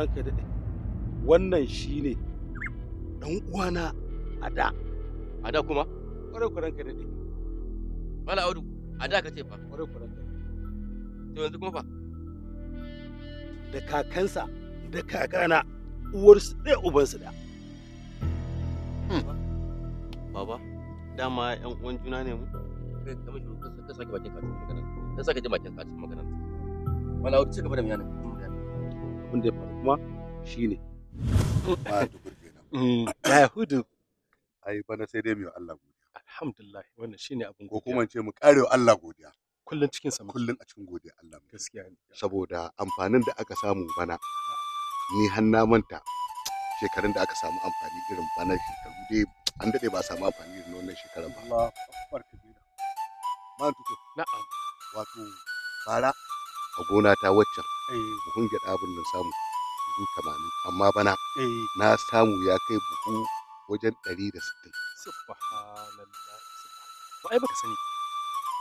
ranka daɗe wannan shine dan uwana a da a da kuma ƙwarai ku ka daɗe mala audu a da ka ce fa ƙwarai ku ka to yanzu kuma fa da kakansa da kakana uwarsu ɗaya ubansu da hmm. baba dama yan uwan juna ne mu kai ka shi ka sake bakin ka cikin magana ka sake bakin ka cikin magana wala audu ci gaba da miyanin abin da ya faru kuma shine ba dukur kenan mm. ya hudu ai bana sai dai Allah godiya alhamdulillah wannan shine abin ko kuma ce mu karewa Allah godiya kullun cikin sama. kullun a cikin godiya Allah gaskiya ne saboda amfanin da aka samu bana ni hanna manta shekarun da aka samu amfani irin bana shekaru dai an dade ba samu amfani irin wannan shekaran ba Allah akbar na'am wato bara a gona ta waccan Eh. buhun gyaɗa abin nan samu buhu tamanin amma bana eh. na samu ya kai buhu wajen ɗari da sittin. Subhanallah. ai baka sani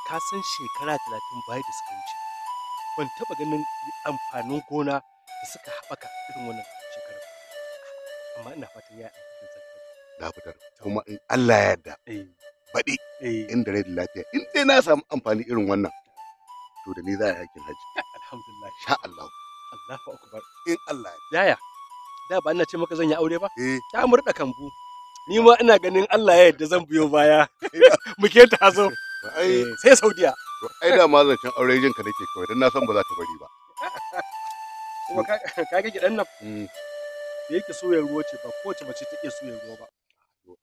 ka san shekara talatin bayan da suka wuce ban taɓa ganin amfanin gona da suka haɓaka irin wannan shekarar amma ina fatan ya yi da fitar kuma in Allah ya yarda eh. baɗi inda rai da lafiya in dai na samu amfani irin wannan to da ni za a yi aikin hajji alhamdulillah sha Allah Allahu akbar in Allah yaya da ba ina ce maka zan yi aure ba eh. ta murda kambu ni ma ina ganin Allah ya yarda zan biyo baya muke ta zo eh, sai Saudiya ai da ma zancen aure jin ka nake kawai dan na san ba za ta bari ba kuma ka ga gidan nan mm. da yake soyar ruwa ce ba kowace mace ta iya soyar ruwa ba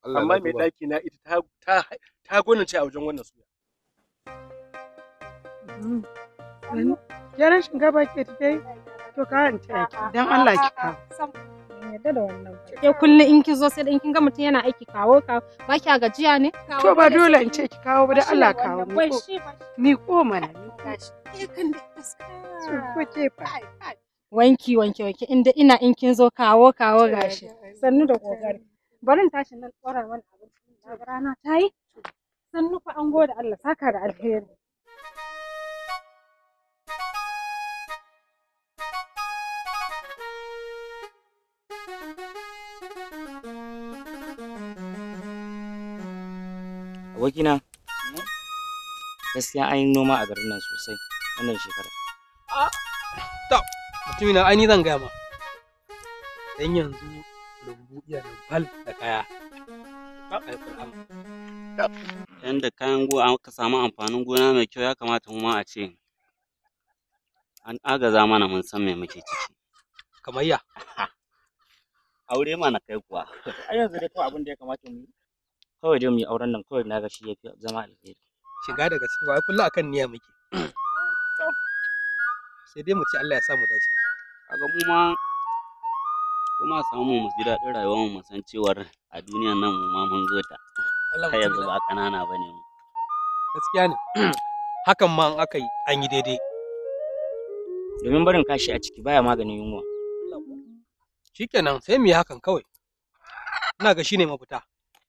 amma mai daki na ita ta ta ta gwanin ce a wajen wannan soya Mm-hmm. Jaran shinkafa ke tafe to ka in taya don Allah ki kawo. Yadda da wannan. Ke kullum in kin zo sai in kin ga mutum yana aiki kawo kawo ba kya gajiya ne? To ba dole in ce ki kawo ba dan Allah kawo ni ko. Mi ko mana mi ko. Ke kan da gaskiya. Ko ke fa. Wanki wanki wanki inda ina in kin zo kawo kawo gashi. Sannu da kokari. Barin tashi nan tsorar wani abinci, Rana ta yi. Sannu fa an gode Allah saka da alheri. abokina gaskiya an yi noma a garin nan sosai wannan shekara ah, ta mutumi na aini zan gaya ma dan yanzu rumbu iya bal da kaya yan da kayan gona ka samu amfanin gona mai kyau ya kamata mu ma a ce an agaza mana mun san me muke ciki kamar ya aure mana kai kuwa a yanzu da kawai abin da ya kamata mu yi kawai dai mu yi auren nan kawai na ga shi ya fi zama alheri shiga daga ciki wai kullu akan niyya muke sai dai mu ci Allah ya sa mu dace kaga mu ma kuma samu mu ji daɗin rayuwar mu san cewar a duniyan nan mu ma mun zo ta kai yanzu ba ƙanana bane mu gaskiya ne hakan ma an aka yi an yi daidai domin barin kashi a ciki baya maganin yunwa shikenan sai mu yi hakan kawai ina ga shine mafita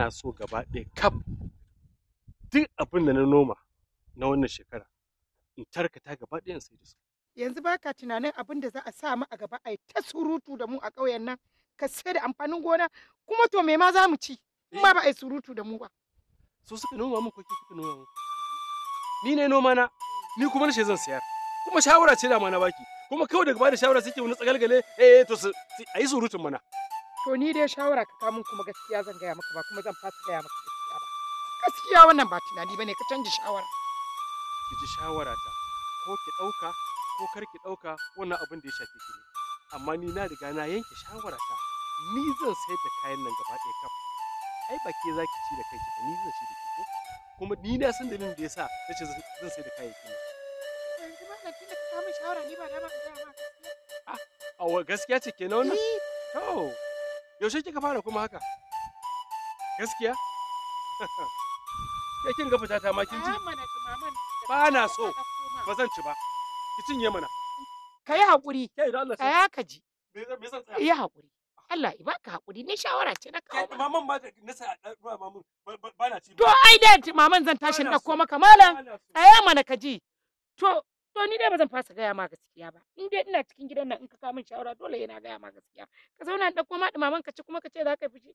ina so gaba ɗaya kaf duk abin da na noma na wannan shekara in tarkata gaba ɗaya in sai da su yanzu baka tunanin abin da za a sa mu a gaba yi ta surutu da mu a ƙauyen nan ka sai da amfanin gona kuma to me ma za mu ci in ma ba ai surutu da mu ba so suka noma mu ko suka noma mu ni ne noma na ni kuma na zan sayar kuma shawara ce da ma na baki kuma kawai daga bada shawara sai ke wani tsagalgale eh to a yi surutun mana to ni dai shawara ka kamun kuma gaskiya zan gaya maka ba kuma zan fasa gaya maka gaskiya ba gaskiya wannan ba tunani bane ka canji shawara ki ji shawara ta ko ki ɗauka ko kar ki ɗauka wannan abin da ya shafi ki ne amma ni na riga na yanke shawara ta ni zan sai da kayan nan gaba ɗaya kaf ai ba ke za ki ci da kanki ba ni zan ci da ki ko kuma ni na san dalilin da yasa na ce zan sai da kayayyaki ne yanzu shawara ni ba dama gaskiya ah, a gaskiya ce kenan wannan to yaushe kika fara kuma haka gaskiya ke kin ga fita ta ma kin ji ba na so ba zan ci ba ki cinye mana ka yi haƙuri ka ya ka ji yi hakuri Allah i baka hakuri ni shawara ce na kawo maman ba na sa ruwa maman ba na ci to ai da maman zan tashi na koma maka malam tsaya mana ka ji to to ni dai ba zan fasa gaya ma gaskiya ba in dai ina cikin gidan nan in ka kawo min shawara dole yana gaya ma gaskiya ka zauna da kuma ma maman ka ci kuma ka ce za ka yi fushi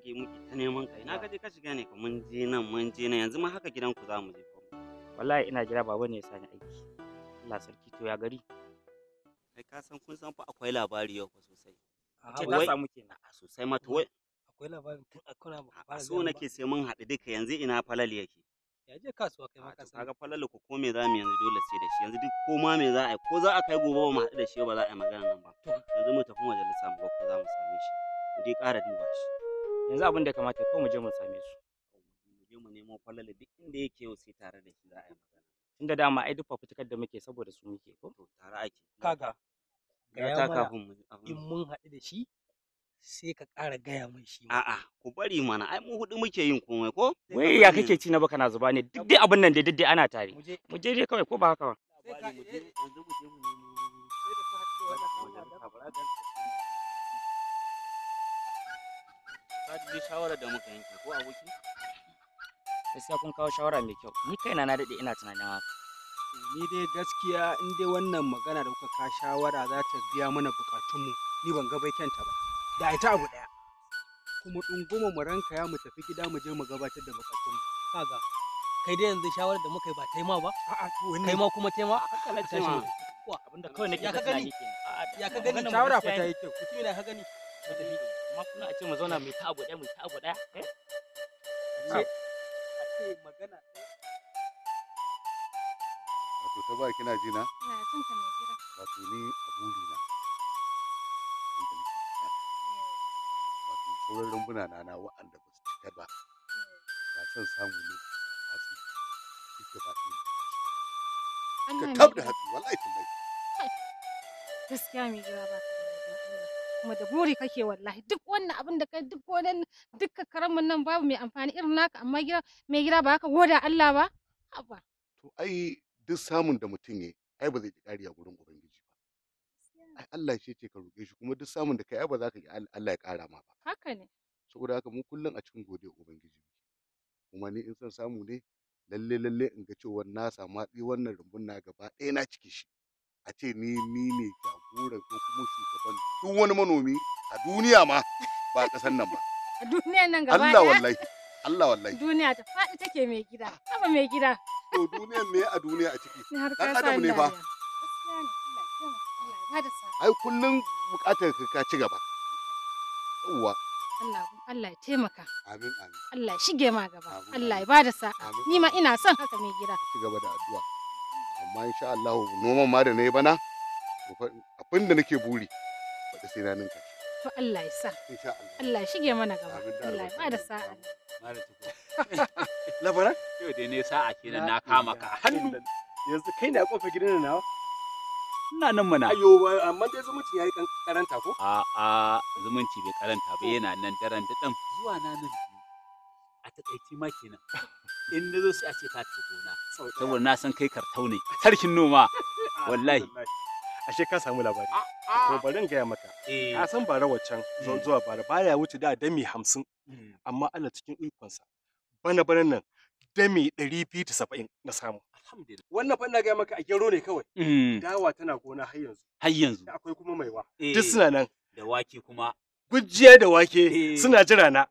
zage muke ta neman kai na gaje ka shiga ne ka mun je nan mun je nan yanzu ma haka gidan ku za mu je wallahi ina jira baba ne ya sani aiki Allah sarki to ya gari kai ka san kun san fa akwai labari yau fa sosai ce ka samu kenan sosai ma to wai akwai labarin tun akwai ba so nake sai mun haɗu duka yanzu ina falal yake ya je kasuwa kai ma ka san kaga falal ko ko me za mu yanzu dole sai da shi yanzu duk ko ma me za a yi ko za a kai gobe ba mu haɗu da shi ba za a yi magana nan ba yanzu mu tafi majalisa mu ko za mu same shi mu dai ƙara duba shi yanzu abin da kamata ko mu je mu same su mu je mu nemo falala duk inda yake yau sai tare da shi za a yi magana dama ai duk fafutukar da muke saboda su muke ko to tare ake kaga gaya mana in mun haɗu da shi sai ka ƙara gaya mai shi a'a ku bari mana ai mu hudu muke yin komai ko wai ya kake ci na baka na zuba ne duk dai abin nan dai duk dai ana tare mu je dai kawai ko ba haka ba sai ka yanzu mu je mu nemo ka ji shawara da muka yanke ko aboki gaskiya kun kawo shawara mai kyau ni kaina na daɗe ina tunanin haka ni dai gaskiya in dai wannan magana da kuka ka shawara za ta biya mana bukatunmu ni ban ga bai kyanta ba da ita abu ɗaya kuma ɗunguma mu ranka ya mu tafi gida mu je mu gabatar da bukatunmu kaga kai dai yanzu shawarar da muka yi ba taima ba a'a to wannan kai ma kuma taima akalla ce ma abinda kawai nake ya ka gani ya ka gani shawara fa ta yi kyau mutum ya ka gani mu tafi amma kuna a ce mu zauna mai ta abu ɗaya mai ta abu ɗaya eh a ce magana wato ta ba kina ji na ina jin ka mai wato ni a na wato sauran rumbuna na na wa'anda ba su cika ba ba son samu ne a duka ba ka kaf da hatsi wallahi tallahi gaskiya mai ba kuma da buri kake wallahi duk wannan abin da kai duk wannan dukkan karamin nan babu mai amfani irin naka amma gida mai gida ba haka goda Allah ba abba to ai duk samun da mutum ya ai ba zai ji kariya gurin ubangiji ba ai Allah shi ce ka roƙe shi kuma duk samun da kai ai ba za ka ji Allah ya ƙara ma ba haka ne saboda haka mu kullum a cikin godiya ubangiji kuma ni in son samu ne lalle lalle in ga cewa na samu wannan rumbun na gaba ɗaya na ciki shi a ce ni ni ne jagora ko kuma shugaban duk wani manomi a duniya ma ba kasan nan ba a duniyan nan gaba Allah wallahi Allah wallahi duniya ta faɗi take mai gida haba mai gida to duniyan me a duniya a ciki dan adam ne fa ai kullun bukatar ka ci gaba yawa Allah Allah ya taimaka. Amin amin. Allah ya shige ma gaba. Allah ya bada sa'a. Ni ma ina son haka mai gida. Ci gaba da addu'a. amma insha Allah noman ma da nayi bana abin da nake buri da sai na ninka to Allah ya sa insha Allah Allah shige mana gaba Allah ya bada sa'a labaran yau dai ne sa'a kenan na kama ka hannu yanzu kai na kofa gidan nawa ina nan mana ayo amma dai zumunci yayi karanta ko a a zumunci bai karanta ba yana nan daren da dan zuwa na nan a takaici ma kenan in na zo sai a ce ka tafi gona saboda na san kai kartau ne sarkin noma wallahi ashe ka samu labari to bari in gaya maka eh. na san bara waccan hmm. zuwa bara baya wuce da dami hamsin hmm. amma ana cikin ikonsa bana bana nan dami ɗari biyu da saba'in na samu wannan fanna gaya maka a gero ne kawai hmm. dawa tana gona har yanzu har yanzu akwai kuma maiwa eh. duk suna nan da wake kuma gujiya da wake eh. suna jira na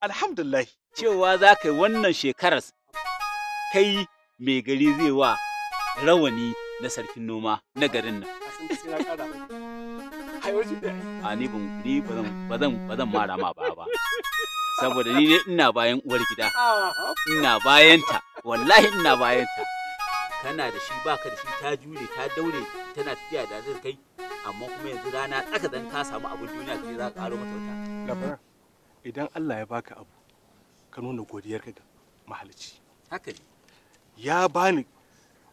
alhamdulillah cewa za ka yi wannan shekarar kai mai gari zai wa rawani na sarkin noma na garin nan a ni ba zan ba zan mara ma ba ba saboda ni ne ina bayan uwar gida ina bayanta wallahi ina bayanta kana da shi baka da shi ta jure ta daure tana tafiya da kai amma kuma yanzu rana tsaka dan ka samu abin duniya kai za ka karo mata wata idan Allah ya baka abu ka nuna godiyar ka ga mahalicci haka ne ya bani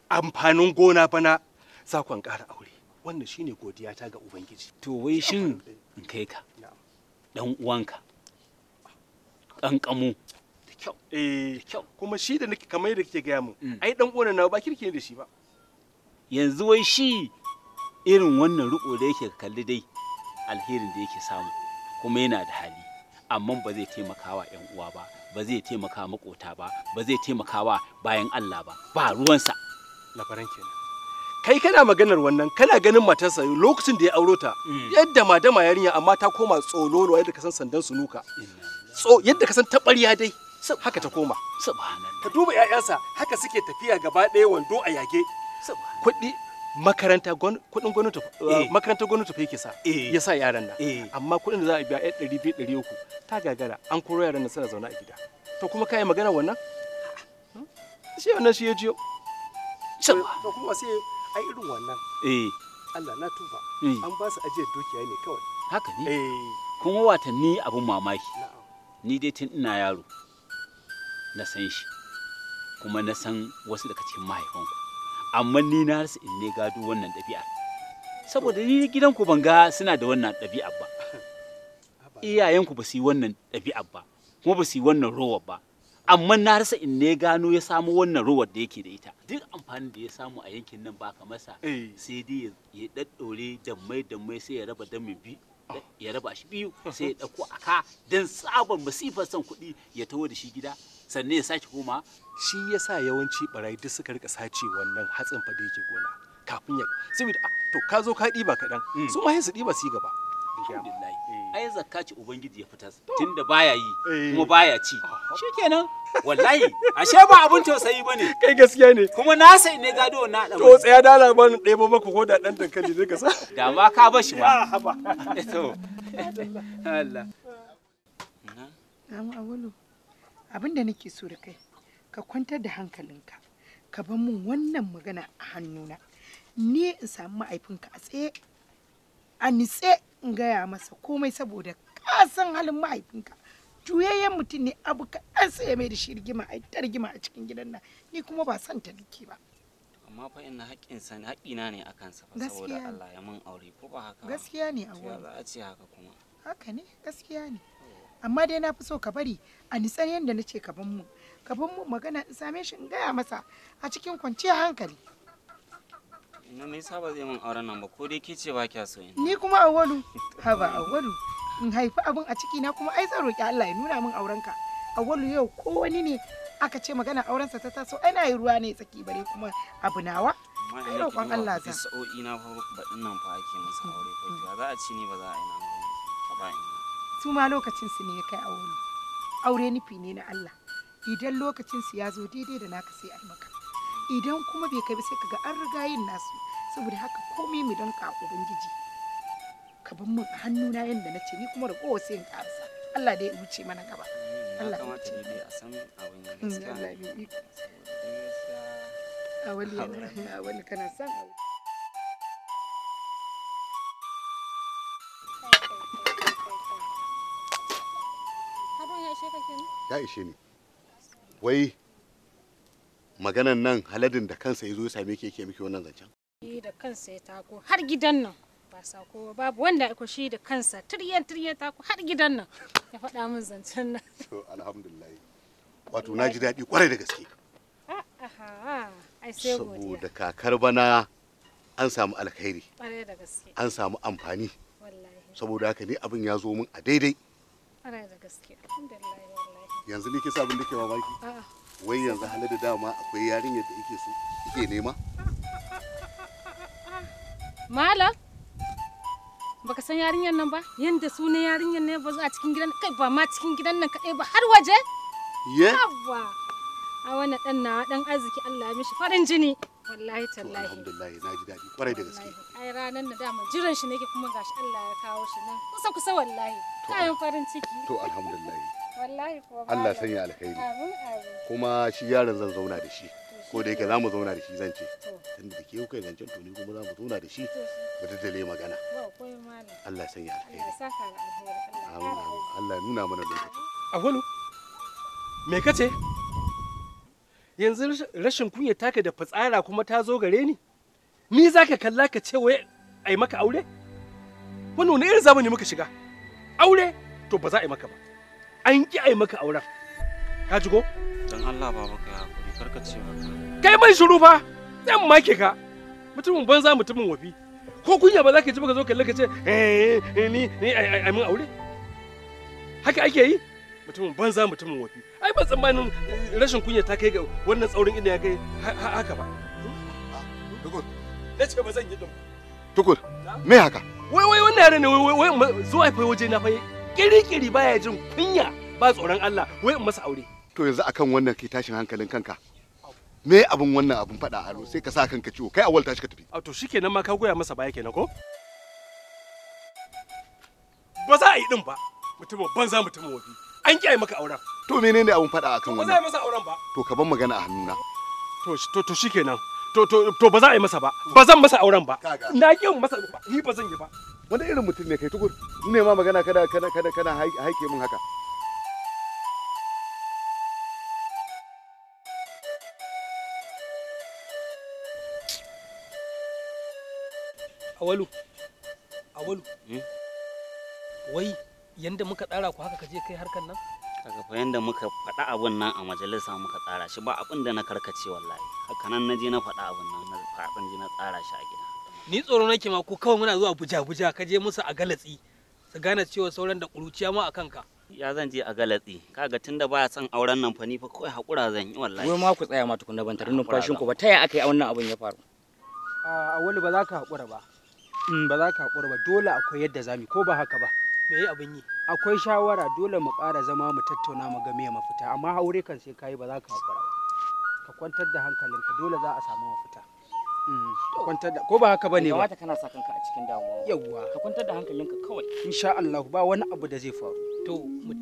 amfanin gona bana sakon ƙara aure wannan shine godiya ta ga ubangiji to wai shin in kai ka dan uwanka kankamu da kyau eh kyau kuma shi da nake kamar yadda kike gaya mu mm. ai dan uwan na ba kirki ne da shi ba yanzu wai shi irin wannan riko da yake kalli dai alherin da yake samu kuma yana da hali amma ba zai taimaka wa 'yan uwa ba ba zai taimaka makota ba ba zai taimaka wa bayan Allah ba ba ruwansa labaran kenan kai kana maganar wannan kana ganin matarsa lokacin da ya auro ta mm. yadda madama yarinya amma ta koma tsololo yadda ka san sandan sunuka yadda ka san tabariya dai haka ta koma subhanallah ka duba 'ya'yansa haka suke tafiya gaba ɗaya wando a yage kuɗi makaranta kudin gwamnati eh. Eh, makarantar gwamnati fa yake sa eh. ya sa yaran nan amma kudin da za a biya ɗaya ɗari biyu ɗari uku ta gagara an koro yaran nan suna zaune a gida to kuma kai magana wannan hmm? shi wannan shi ya jiyo to kuma sai ai irin wannan eh Allah na tuba an ba su ajiyar dukiya ne kawai haka ne kuma watanni abin mamaki ni dai tun ina yaro na san shi kuma na san wasu daga cikin mahaifanku amma ni na rasa in ne gado wannan ɗabi'a saboda ni gidanku ban ga suna da wannan ɗabi'a ba iyayenku ba su yi wannan ɗabi'a ba kuma ba su yi wannan rowar ba amma na rasa in ne gano ya samu wannan rowar da yake da ita duk amfanin da ya samu a yankin nan ba ka masa eh. sai dai ya daddore dammai dammai sai ya raba mai biyu ah. ya raba shi biyu sai ya dauko aka dan sabon masifar son kuɗi ya taho da shi gida sannan ya sake koma shi yasa yawanci barayi duk suka rika sace wannan hatsin fa da yake gona kafin ya saboda ah, to ka zo ka diba kaɗan mm. su ma su diba su gaba alhamdulillah ai zakka ci ubangiji ya fitar tunda baya yi eh. kuma baya ci ah, shikenan wallahi ashe ba abun tausayi bane kai gaskiya ne kuma na sai ne gado na dan to tsaya da labarin ɗebo maka ko da dan dankali ne ka sa da ma ka ba shi ah, ba to Allah amma awulu abin da nake so da kai ka kwantar da hankalinka ka bar mun wannan magana a hannuna ni in samu ma'aifinka a tsaye a nitse in gaya masa komai saboda ka san halin mahaifinka juyayyen mutum ne abu kaɗan sai ya mai da shi rigima a ta rigima a cikin gidan nan ni kuma ba san ta nake ba amma fa ina haƙƙin sa ne haƙƙina ne akan sa fa saboda Allah ya mun aure ko ba haka gaskiya ne a wurin za a ce haka kuma haka ne gaskiya ne amma dai na fi so ka bari a nisan yadda na ce gaban mu gaban mu magana in same shi in gaya masa a cikin kwanciyar hankali na me yasa ba zai min auren nan ba ko dai ke ce ba kya so ni kuma awwalu haba awwalu in haifi abin a ciki na kuma ai zan roki Allah ya nuna min auren ka awwalu yau ko wani ne aka ce magana auren sa ta taso na yi ruwa ne tsaki bare kuma abu nawa ai roƙon Allah za sa'o'i na fa baɗin nan fa ake masa aure ko za a ci ne ba za a yi nan ba su ma lokacinsu ne ya kai aure aure nufi ne na Allah idan lokacinsu ya zo daidai da naka sai ai maka idan kuma bai kai ba sai kaga an riga yin nasu saboda haka komai mu don ka ubangiji ka bar min hannuna yanda na ce ni kuma da kowace in karsa Allah dai ya wuce mana gaba Allah ya wuce a san abin mm, gaskiya a wani kana san ya ishe ni wai maganan nan haladin da kansa ya zo ya same ki yake miki wannan zancen shi da kansa ya tako har gidan nan ba sako babu wanda aiko shi da kansa tiryan tiryan tako har gidan nan ya faɗa min zancen nan to alhamdulillah wato na ji daɗi kwarai da gaske ah, saboda kakar bana an samu alkhairi an samu amfani saboda haka ni abin ya zo min a daidai da gaske yanzu ni ke abin da ke mamaki wai yanzu hali da dama akwai yarinya da yake so yake nema malam baka san yarinyar nan ba yanda sunan yarinyar ne ba a cikin gidan kai ba ma cikin gidan nan kadai ba har waje ye yawa a wannan dan nawa dan arziki Allah ya mishi farin jini wallahi tallahi alhamdulillah na ji dadi kwarai da gaske ai ranan da dama jiran shi nake kuma gashi Allah ya kawo shi nan kusa kusa wallahi kayan farin ciki to alhamdulillah Allah ya sanya alkhairi kuma shi yaron zan zauna da shi ko da yake zamu zauna da shi zan ce tunda da ke kai zancen to ni kuma zamu zauna da shi ba ta dale magana Allah ya sanya alkhairi Allah Allah nuna mana lokaci a hulu me kace yanzu rashin kunya taka da fitsara kuma ta zo gare ni ni zaka kalla ka ce wai ai maka aure wannan wani irin zamani muka shiga aure to ba za a yi maka ba an ki ai maka auren ka ji ko dan Allah baba kai hakuri karka ce maka kai mai shiru fa dan make ka mutumin banza mutumin wafi ko kunya ba za ka ji ba ka zo kalle ka ce eh, eh ni ni ai mun aure haka ake yi mutumin banza mutumin wafi ai ba tsammanin rashin kunya ta kai ga wannan tsaurin idan ya kai haka ba tukur na ce ba zan yi tukur me haka wai wai wannan yare ne wai wai zuwa fa waje na fa kirikiri baya jin kunya ba tsoron Allah wai in masa aure to yanzu akan wannan ke tashin hankalin kanka me abun wannan abin a aro sai ka sa kanka ciwo kai awal tashi ka tafi a to shikenan ma ka goya masa baya kenan ko ba za a yi din ba babban za mutum wabi an kiyaye maka auren to menene abun fada akan wannan ba za a yi masa auren ba to ka ban magana a hannuna to to to shikenan to to to ba za a yi masa ba ba zan masa auren ba na kin masa ni ba zan yi ba wani irin mutum ne kai tukur ne ma magana kada kada kada kana haike min haka awalu awalu eh? wai yanda muka tsara ku haka kaje kai harkan nan kaga fa yanda muka faɗa abun nan a majalisa muka tsara shi ba abin da na karkace wallahi haka nan naje na faɗa abun nan na faɗin na tsara shi a gida ni tsoro nake ma ko kawai muna zuwa buja-buja ka je musu a galatsi su gane cewa sauran da kuruciya ma a kanka ya zan je a galatsi kaga tunda baya son auren nan fa ni fa kawai hakura zan yi wallahi wai ma ku tsaya ma tukunna ban tarin numfashin ku ba ta ya aka yi wannan abin ya faru a wani ba za ka hakura ba mm, ba za ka hakura ba dole akwai yadda zamu ko ba haka ba me yi abin yi akwai shawara dole mu ƙara zama mu tattauna mu ga me mafita amma aure kan sai kai ba za ka hakura ba ka kwantar da hankalinka dole za a samu mafita Ka mm. kwantar da ko ba haka bane ba wata kana sa kanka a cikin damuwa yawa ka kwantar da hankalinka kawai insha Allah ba wani abu da zai faru to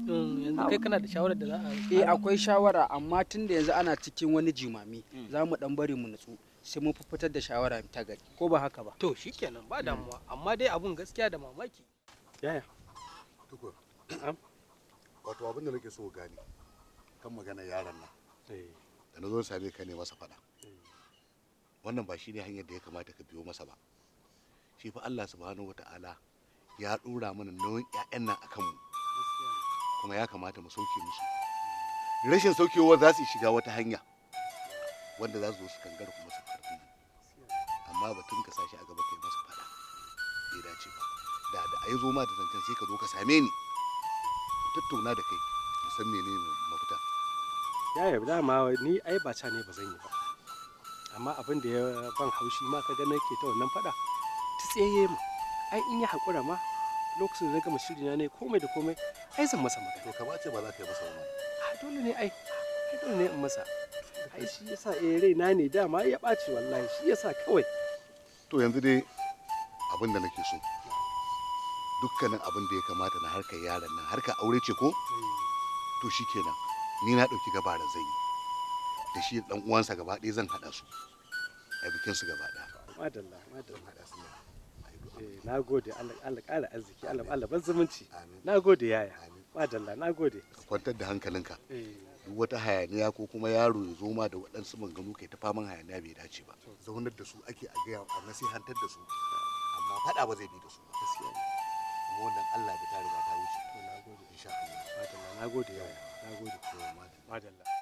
yanzu kai kana da shawara da za a eh akwai shawara amma tun da yanzu ana cikin wani jimami mm. za mu dan bari mu nutsu sai mu fitar da shawara ta gari ko ba haka ba to shikenan ba damuwa amma dai abun gaskiya da mamaki yaya tukur wato abin da nake so gane kan magana yaran nan eh. da nazo zo same ka ne masa faɗa wannan ba shine hanyar da ya kamata ka biyo masa ba shi fa Allah subhanahu wata'ala ya dora mana nauyin ƴaƴan nan akan mu kuma ya kamata mu sauke musu rashin saukewa za su shiga wata hanya wanda za su zo su kangar kuma su karfi amma batun ka sashi a gaba kai masa fada bai dace ba da da ai zo ma da zancen sai ka zo ka same ni tattauna da kai san menene mafita yaya yarda ma ni ai ba ca ne ba zan yi ba amma abin da ya ban haushi ma kaga ke ta wannan fada ta tsaye mu ai in ya hakura ma lokacin da na gama shiri na ne komai da komai ai zan masa magana to ka bace ba za ka yi masa wannan a dole ne ai ai dole ne in masa ai shi yasa eh raina ne dama ya bace wallahi shi yasa kawai to yanzu dai abin da nake so dukkanin abin da ya kamata na harkar yaran nan harkar aure ce ko eh. to shikenan ni na dauki gaba da zai yi da shi dan uwansa gaba ɗaya zan haɗa su a bikin su gaba ɗaya madalla madalla haɗa eh, su na gode Allah ƙara arziki Allah Allah ban zumunci na gode yaya madalla na gode ka kwantar da hankalinka eh. duk wata hayaniya ko kuma yaro ya zo ma da waɗansu maganganu kai ta faman hayaniya bai dace ba zaunar da su ake a gaya a nasihantar da su amma faɗa ba zai bi da su ba gaskiya kuma wannan Allah bai ta riga ta wuce to na gode insha Allah madalla na gode yaya na gode madalla